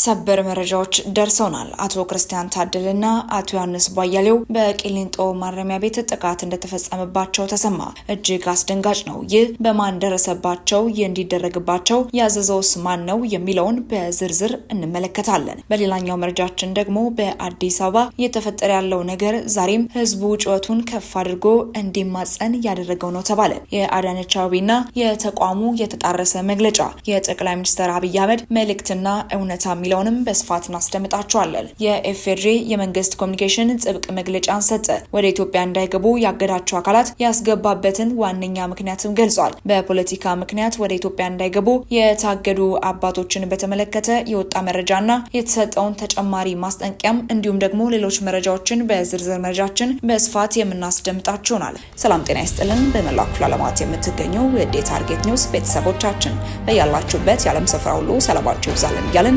ሰበር መረጃዎች ደርሰውናል። አቶ ክርስቲያን ታደልና አቶ ዮሐንስ ቧያሌው በቂሊንጦ ማረሚያ ቤት ጥቃት እንደተፈጸመባቸው ተሰማ። እጅግ አስደንጋጭ ነው። ይህ በማን ደረሰባቸው፣ እንዲደረግባቸው ያዘዘውስ ማን ነው የሚለውን በዝርዝር እንመለከታለን። በሌላኛው መረጃችን ደግሞ በአዲስ አበባ እየተፈጠረ ያለው ነገር ዛሬም ህዝቡ ጩኸቱን ከፍ አድርጎ እንዲማጸን ያደረገው ነው ተባለ። የአዳነች አቤቤና የተቋሙ የተጣረሰ መግለጫ የጠቅላይ ሚኒስትር አብይ አህመድ መልእክትና እውነታ የሚለውንም በስፋት እናስደምጣቸዋለን። የኤፌድሪ የመንግስት ኮሚኒኬሽን ጥብቅ መግለጫን ሰጠ። ወደ ኢትዮጵያ እንዳይገቡ ያገዳቸው አካላት ያስገባበትን ዋነኛ ምክንያትም ገልጿል። በፖለቲካ ምክንያት ወደ ኢትዮጵያ እንዳይገቡ የታገዱ አባቶችን በተመለከተ የወጣ መረጃና የተሰጠውን ተጨማሪ ማስጠንቀቂያም እንዲሁም ደግሞ ሌሎች መረጃዎችን በዝርዝር መረጃችን በስፋት የምናስደምጣችሁ ይሆናል። ሰላም ጤና ይስጥልን። በመላው ክፍለ ዓለማት የምትገኙ የዴ ታርጌት ኒውስ ቤተሰቦቻችን በያላችሁበት የዓለም ስፍራ ሁሉ ሰላማችሁ ይብዛልን እያልን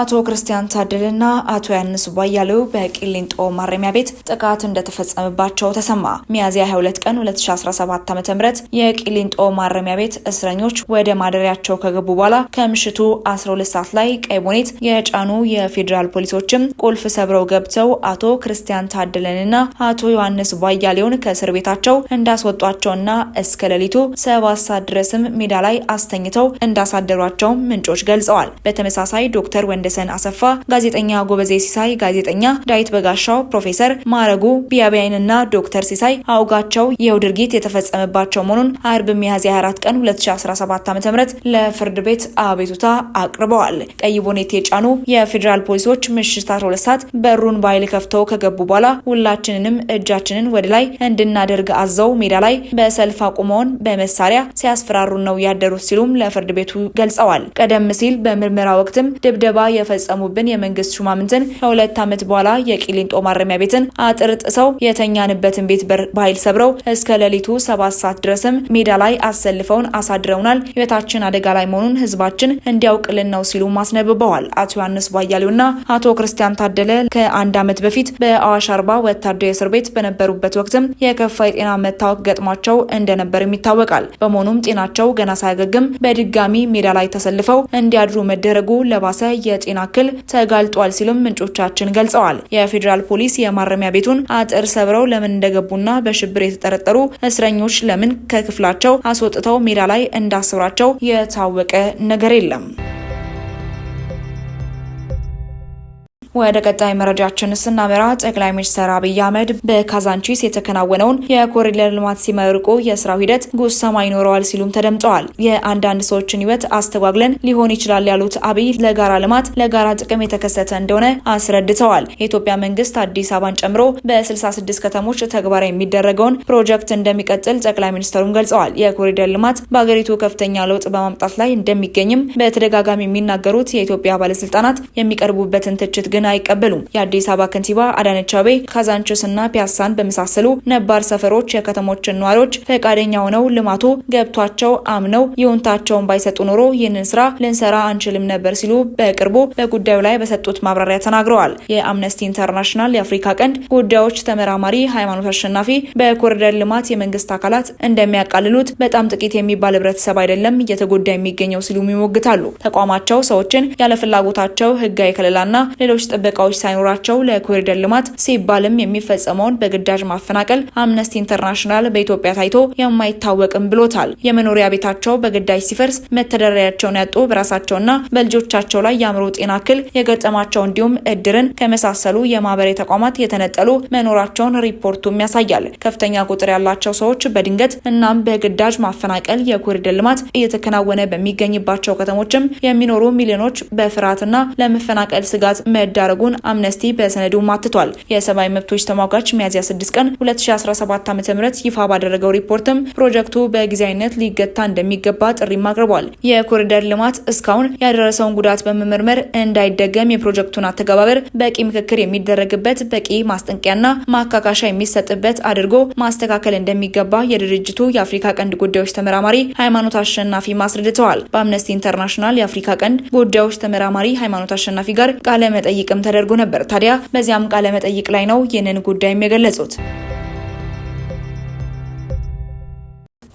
አቶ ክርስቲያን ታደለና አቶ ያንስ ቧያለው በቂሊንጦ ማረሚያ ቤት ጥቃት እንደተፈጸመባቸው ተሰማ። ሚያዝያ 22 ቀን 2017 ዓ.ም የቂሊንጦ ማረሚያ ቤት እስረኞች ወደ ማደሪያቸው ከገቡ በኋላ ከምሽቱ 12 ሰዓት ላይ ቀይ ቦኔት የጫኑ የፌዴራል ፖሊሶችም ቁልፍ ሰብረው ገብተው አቶ ክርስቲያን ታደለንና አቶ ዮሐንስ ቧያሌውን ከእስር ቤታቸው እንዳስወጧቸውና እስከ ሌሊቱ ሰባት ሰዓት ድረስም ሜዳ ላይ አስተኝተው እንዳሳደሯቸው ምንጮች ገልጸዋል። በተመሳሳይ ዶክተር ወንደ ታደሰን አሰፋ፣ ጋዜጠኛ ጎበዜ ሲሳይ፣ ጋዜጠኛ ዳዊት በጋሻው፣ ፕሮፌሰር ማረጉ ቢያቢያይንና ዶክተር ሲሳይ አውጋቸው ይኸው ድርጊት የተፈጸመባቸው መሆኑን አርብ ሚያዝያ 24 ቀን 2017 ም ለፍርድ ቤት አቤቱታ አቅርበዋል። ቀይ ቦኔት የጫኑ የፌዴራል ፖሊሶች ምሽት 12 ሰዓት በሩን በኃይል ከፍተው ከገቡ በኋላ ሁላችንንም እጃችንን ወደ ላይ እንድናደርግ አዘው ሜዳ ላይ በሰልፍ አቁመውን በመሳሪያ ሲያስፈራሩን ነው ያደሩት ሲሉም ለፍርድ ቤቱ ገልጸዋል። ቀደም ሲል በምርመራ ወቅትም ድብደባ የፈጸሙብን የመንግስት ሹማምንትን ከሁለት ዓመት በኋላ የቂሊንጦ ማረሚያ ቤትን አጥር ጥሰው የተኛንበትን ቤት በር በኃይል ሰብረው እስከ ሌሊቱ ሰባት ሰዓት ድረስም ሜዳ ላይ አሰልፈውን አሳድረውናል። ህይወታችን አደጋ ላይ መሆኑን ህዝባችን እንዲያውቅልን ነው ሲሉ አስነብበዋል። አቶ ዮሐንስ ቧያሌውና አቶ ክርስቲያን ታደለ ከአንድ ዓመት በፊት በአዋሽ አርባ ወታደራዊ እስር ቤት በነበሩበት ወቅትም የከፋ የጤና መታወክ ገጥሟቸው እንደነበርም ይታወቃል። በመሆኑም ጤናቸው ገና ሳያገግም በድጋሚ ሜዳ ላይ ተሰልፈው እንዲያድሩ መደረጉ ለባሰ የጤና የጤና እክል ተጋልጧል ሲሉም ምንጮቻችን ገልጸዋል። የፌዴራል ፖሊስ የማረሚያ ቤቱን አጥር ሰብረው ለምን እንደገቡና በሽብር የተጠረጠሩ እስረኞች ለምን ከክፍላቸው አስወጥተው ሜዳ ላይ እንዳስብራቸው የታወቀ ነገር የለም። ወደ ቀጣይ መረጃችን ስናመራ ጠቅላይ ሚኒስትር አብይ አህመድ በካዛንቺስ የተከናወነውን የኮሪደር ልማት ሲመርቁ የስራው ሂደት ጉሰማ ይኖረዋል ሲሉም ተደምጠዋል። የአንዳንድ ሰዎችን ህይወት አስተጓግለን ሊሆን ይችላል ያሉት አብይ ለጋራ ልማት ለጋራ ጥቅም የተከሰተ እንደሆነ አስረድተዋል። የኢትዮጵያ መንግስት አዲስ አበባን ጨምሮ በ66 ከተሞች ተግባራዊ የሚደረገውን ፕሮጀክት እንደሚቀጥል ጠቅላይ ሚኒስትሩም ገልጸዋል። የኮሪደር ልማት በአገሪቱ ከፍተኛ ለውጥ በማምጣት ላይ እንደሚገኝም በተደጋጋሚ የሚናገሩት የኢትዮጵያ ባለስልጣናት የሚቀርቡበትን ትችት ግን ግን አይቀበሉም። የአዲስ አበባ ከንቲባ አዳነች አቤቤ ካዛንችስና ፒያሳን በመሳሰሉ ነባር ሰፈሮች የከተሞችን ነዋሪዎች ፈቃደኛ ሆነው ልማቱ ገብቷቸው አምነው ይሁንታቸውን ባይሰጡ ኖሮ ይህንን ስራ ልንሰራ አንችልም ነበር ሲሉ በቅርቡ በጉዳዩ ላይ በሰጡት ማብራሪያ ተናግረዋል። የአምነስቲ ኢንተርናሽናል የአፍሪካ ቀንድ ጉዳዮች ተመራማሪ ሃይማኖት አሸናፊ በኮሪደር ልማት የመንግስት አካላት እንደሚያቃልሉት በጣም ጥቂት የሚባል ህብረተሰብ አይደለም እየተጎዳ የሚገኘው ሲሉም ይሞግታሉ። ተቋማቸው ሰዎችን ያለፍላጎታቸው ህጋዊ ከለላና ሌሎች ጥበቃዎች ሳይኖራቸው ለኮሪደር ልማት ሲባልም የሚፈጸመውን በግዳጅ ማፈናቀል አምነስቲ ኢንተርናሽናል በኢትዮጵያ ታይቶ የማይታወቅም ብሎታል። የመኖሪያ ቤታቸው በግዳጅ ሲፈርስ መተዳደሪያቸውን ያጡ በራሳቸውና በልጆቻቸው ላይ የአእምሮ ጤና እክል የገጠማቸው እንዲሁም እድርን ከመሳሰሉ የማህበራዊ ተቋማት የተነጠሉ መኖራቸውን ሪፖርቱም ያሳያል። ከፍተኛ ቁጥር ያላቸው ሰዎች በድንገት እናም በግዳጅ ማፈናቀል የኮሪደር ልማት እየተከናወነ በሚገኝባቸው ከተሞችም የሚኖሩ ሚሊዮኖች በፍርሃትና ለመፈናቀል ስጋት መዳ መዳረጉን አምነስቲ በሰነዱ ማትቷል። የሰብአዊ መብቶች ተሟጋች ሚያዝያ 6 ቀን 2017 ዓ.ም ይፋ ባደረገው ሪፖርትም ፕሮጀክቱ በጊዜያዊነት ሊገታ እንደሚገባ ጥሪም አቅርቧል። የኮሪደር ልማት እስካሁን ያደረሰውን ጉዳት በመመርመር እንዳይደገም የፕሮጀክቱን አተገባበር በቂ ምክክር የሚደረግበት በቂ ማስጠንቀቂያና ማካካሻ የሚሰጥበት አድርጎ ማስተካከል እንደሚገባ የድርጅቱ የአፍሪካ ቀንድ ጉዳዮች ተመራማሪ ሃይማኖት አሸናፊ ማስረድተዋል። በአምነስቲ ኢንተርናሽናል የአፍሪካ ቀንድ ጉዳዮች ተመራማሪ ሃይማኖት አሸናፊ ጋር ቃለ መጠይቅ እንዲጠይቅም ተደርጎ ነበር። ታዲያ በዚያም ቃለ መጠይቅ ላይ ነው ይህንን ጉዳይም የገለጹት።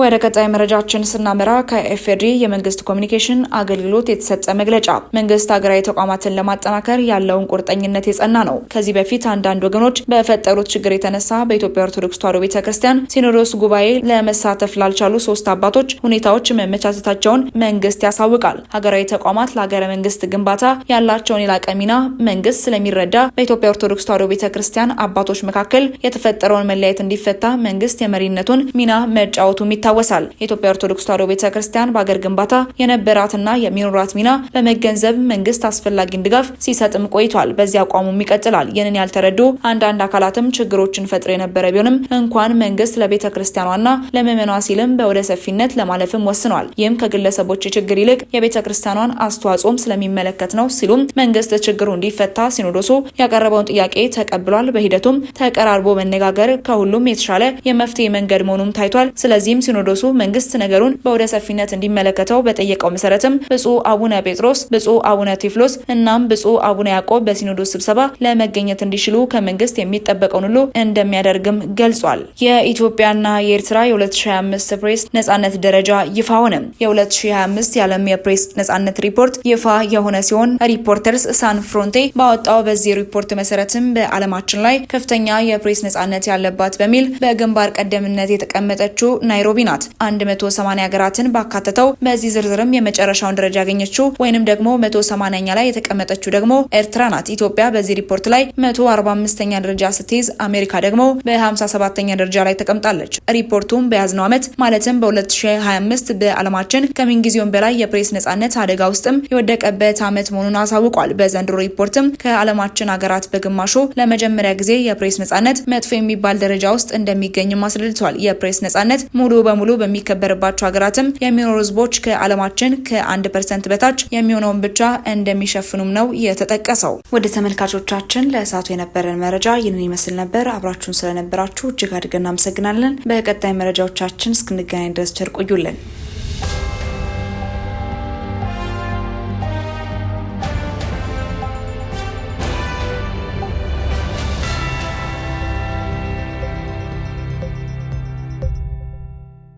ወደ ቀጣይ መረጃችን ስናመራ ከኤፌድሪ የመንግስት ኮሚኒኬሽን አገልግሎት የተሰጠ መግለጫ መንግስት ሀገራዊ ተቋማትን ለማጠናከር ያለውን ቁርጠኝነት የጸና ነው። ከዚህ በፊት አንዳንድ ወገኖች በፈጠሩት ችግር የተነሳ በኢትዮጵያ ኦርቶዶክስ ተዋሕዶ ቤተ ክርስቲያን ሲኖዶስ ጉባኤ ለመሳተፍ ላልቻሉ ሶስት አባቶች ሁኔታዎች መመቻቸታቸውን መንግስት ያሳውቃል። ሀገራዊ ተቋማት ለሀገረ መንግስት ግንባታ ያላቸውን የላቀ ሚና መንግስት ስለሚረዳ በኢትዮጵያ ኦርቶዶክስ ተዋሕዶ ቤተ ክርስቲያን አባቶች መካከል የተፈጠረውን መለያየት እንዲፈታ መንግስት የመሪነቱን ሚና መጫወቱ ይታወቃል። ይታወሳል። የኢትዮጵያ ኦርቶዶክስ ተዋሕዶ ቤተ ክርስቲያን በአገር ግንባታ የነበራትና የሚኖራት ሚና በመገንዘብ መንግስት አስፈላጊን ድጋፍ ሲሰጥም ቆይቷል። በዚህ አቋሙም ይቀጥላል። ይህንን ያልተረዱ አንዳንድ አካላትም ችግሮችን ፈጥሮ የነበረ ቢሆንም እንኳን መንግስት ለቤተ ክርስቲያኗና ለምዕመኗ ሲልም በወደ ሰፊነት ለማለፍም ወስኗል። ይህም ከግለሰቦች ችግር ይልቅ የቤተ ክርስቲያኗን አስተዋጽኦም ስለሚመለከት ነው ሲሉም መንግስት ችግሩ እንዲፈታ ሲኖዶሱ ያቀረበውን ጥያቄ ተቀብሏል። በሂደቱም ተቀራርቦ መነጋገር ከሁሉም የተሻለ የመፍትሄ መንገድ መሆኑም ታይቷል። ስለዚህም ሲኖዶሱ መንግስት ነገሩን በወደ ሰፊነት እንዲመለከተው በጠየቀው መሰረትም ብፁዕ አቡነ ጴጥሮስ፣ ብፁዕ አቡነ ቴፍሎስ እናም ብፁዕ አቡነ ያዕቆብ በሲኖዶስ ስብሰባ ለመገኘት እንዲችሉ ከመንግስት የሚጠበቀውን ሁሉ እንደሚያደርግም ገልጿል። የኢትዮጵያና የኤርትራ የ2025 ፕሬስ ነጻነት ደረጃ ይፋ ሆነ። የ2025 የዓለም የፕሬስ ነጻነት ሪፖርት ይፋ የሆነ ሲሆን ሪፖርተርስ ሳን ፍሮንቴ ባወጣው በዚህ ሪፖርት መሰረትም በዓለማችን ላይ ከፍተኛ የፕሬስ ነጻነት ያለባት በሚል በግንባር ቀደምነት የተቀመጠችው ናይሮቢ ገቢ ናት። 180 ሀገራትን ባካተተው በዚህ ዝርዝርም የመጨረሻውን ደረጃ ያገኘችው ወይንም ደግሞ 180ኛ ላይ የተቀመጠችው ደግሞ ኤርትራ ናት። ኢትዮጵያ በዚህ ሪፖርት ላይ 145ኛ ደረጃ ስትይዝ፣ አሜሪካ ደግሞ በ57ኛ ደረጃ ላይ ተቀምጣለች። ሪፖርቱም በያዝነው ዓመት ማለትም በ2025 በዓለማችን ከምንጊዜውም በላይ የፕሬስ ነጻነት አደጋ ውስጥም የወደቀበት ዓመት መሆኑን አሳውቋል። በዘንድሮ ሪፖርትም ከዓለማችን ሀገራት በግማሹ ለመጀመሪያ ጊዜ የፕሬስ ነጻነት መጥፎ የሚባል ደረጃ ውስጥ እንደሚገኝም አስረድቷል። የፕሬስ ነጻነት ሙሉ በሙሉ በሚከበርባቸው ሀገራትም የሚኖሩ ህዝቦች ከዓለማችን ከአንድ ፐርሰንት በታች የሚሆነውን ብቻ እንደሚሸፍኑም ነው የተጠቀሰው። ወደ ተመልካቾቻችን ለእሳቱ የነበረን መረጃ ይህንን ይመስል ነበር። አብራችሁን ስለነበራችሁ እጅግ አድርገን እናመሰግናለን። በቀጣይ መረጃዎቻችን እስክንገናኝ ድረስ ቸር ቆዩልን።